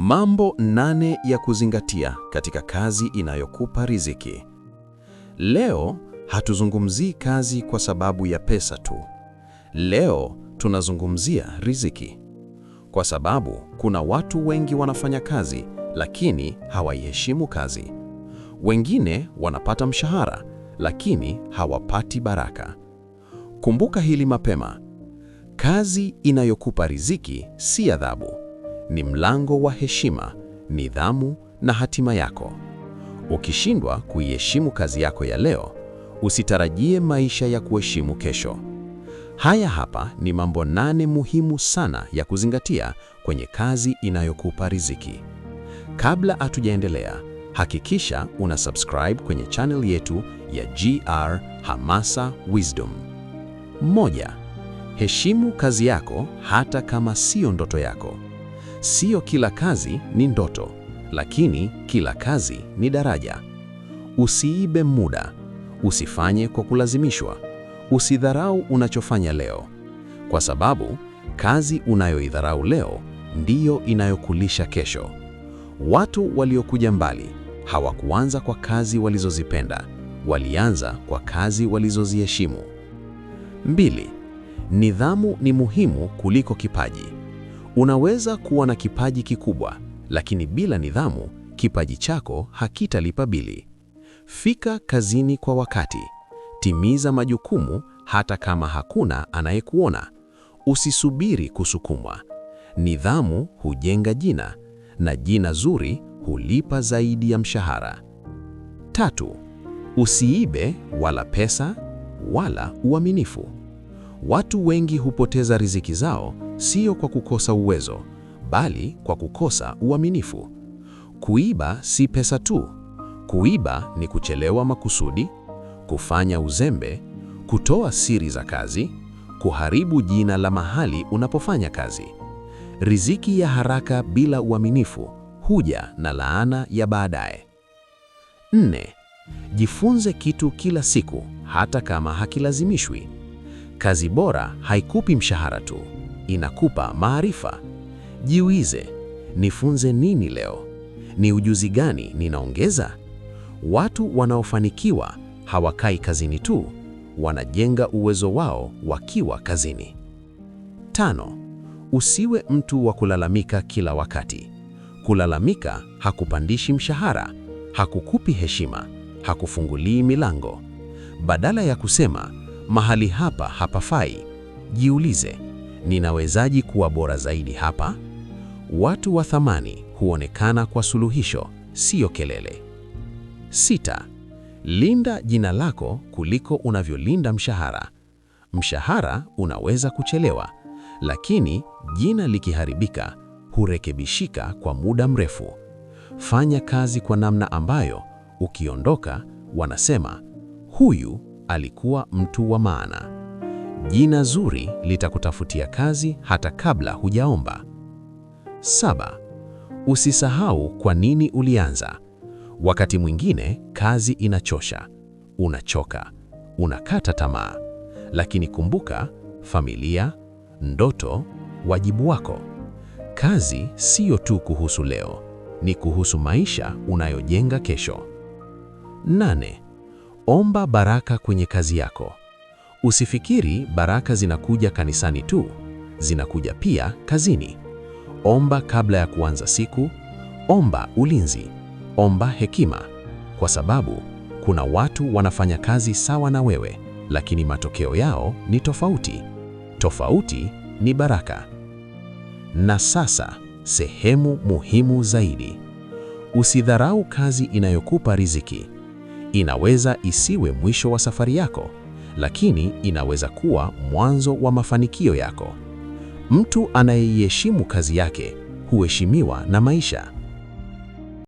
Mambo nane ya kuzingatia katika kazi inayokupa riziki. Leo hatuzungumzii kazi kwa sababu ya pesa tu. Leo tunazungumzia riziki. Kwa sababu kuna watu wengi wanafanya kazi lakini hawaiheshimu kazi. Wengine wanapata mshahara lakini hawapati baraka. Kumbuka hili mapema. Kazi inayokupa riziki si adhabu ni mlango wa heshima, nidhamu na hatima yako. Ukishindwa kuiheshimu kazi yako ya leo, usitarajie maisha ya kuheshimu kesho. Haya hapa ni mambo nane muhimu sana ya kuzingatia kwenye kazi inayokupa riziki. Kabla hatujaendelea, hakikisha una subscribe kwenye channel yetu ya GR Hamasa Wisdom. Moja, heshimu kazi yako hata kama siyo ndoto yako. Sio kila kazi ni ndoto, lakini kila kazi ni daraja. Usiibe muda, usifanye kwa kulazimishwa, usidharau unachofanya leo, kwa sababu kazi unayoidharau leo ndiyo inayokulisha kesho. Watu waliokuja mbali hawakuanza kwa kazi walizozipenda, walianza kwa kazi walizoziheshimu. Mbili, nidhamu ni muhimu kuliko kipaji. Unaweza kuwa na kipaji kikubwa, lakini bila nidhamu, kipaji chako hakitalipa bili. Fika kazini kwa wakati. Timiza majukumu hata kama hakuna anayekuona. Usisubiri kusukumwa. Nidhamu hujenga jina na jina zuri hulipa zaidi ya mshahara. Tatu, usiibe wala pesa wala uaminifu. Watu wengi hupoteza riziki zao sio kwa kukosa uwezo, bali kwa kukosa uaminifu. Kuiba si pesa tu. Kuiba ni kuchelewa makusudi, kufanya uzembe, kutoa siri za kazi, kuharibu jina la mahali unapofanya kazi. Riziki ya haraka bila uaminifu huja na laana ya baadaye. Nne, jifunze kitu kila siku hata kama hakilazimishwi. Kazi bora haikupi mshahara tu, inakupa maarifa. Jiulize, nifunze nini leo? Ni ujuzi gani ninaongeza? Watu wanaofanikiwa hawakai kazini tu, wanajenga uwezo wao wakiwa kazini. Tano, usiwe mtu wa kulalamika kila wakati. Kulalamika hakupandishi mshahara, hakukupi heshima, hakufungulii milango. Badala ya kusema mahali hapa hapafai, jiulize ninawezaji kuwa bora zaidi hapa? Watu wa thamani huonekana kwa suluhisho, siyo kelele. Sita, linda jina lako kuliko unavyolinda mshahara. Mshahara unaweza kuchelewa, lakini jina likiharibika hurekebishika kwa muda mrefu. Fanya kazi kwa namna ambayo ukiondoka wanasema huyu alikuwa mtu wa maana. Jina zuri litakutafutia kazi hata kabla hujaomba. Saba, usisahau kwa nini ulianza. Wakati mwingine kazi inachosha, unachoka, unakata tamaa, lakini kumbuka familia, ndoto, wajibu wako. Kazi siyo tu kuhusu leo, ni kuhusu maisha unayojenga kesho. Nane, omba baraka kwenye kazi yako. Usifikiri baraka zinakuja kanisani tu, zinakuja pia kazini. Omba kabla ya kuanza siku, omba ulinzi, omba hekima, kwa sababu kuna watu wanafanya kazi sawa na wewe, lakini matokeo yao ni tofauti. Tofauti ni baraka. Na sasa sehemu muhimu zaidi, usidharau kazi inayokupa riziki. Inaweza isiwe mwisho wa safari yako lakini inaweza kuwa mwanzo wa mafanikio yako. Mtu anayeheshimu kazi yake huheshimiwa na maisha.